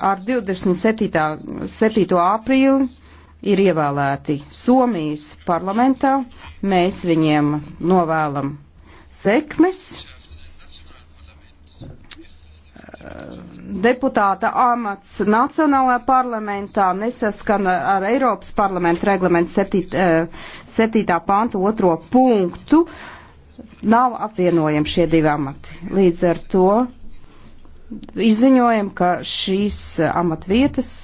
ar 27. 7. aprīli ir ievēlēti Somijas parlamentā. Mēs viņiem novēlam sekmes. Deputāta amats Nacionālajā parlamentā nesaskana ar Eiropas parlamentu reglamentu 7. 7. pantu 2. punktu. Nav apvienojami šie divi amati. Līdz ar to izziņojam, ka šīs eh, amatvietas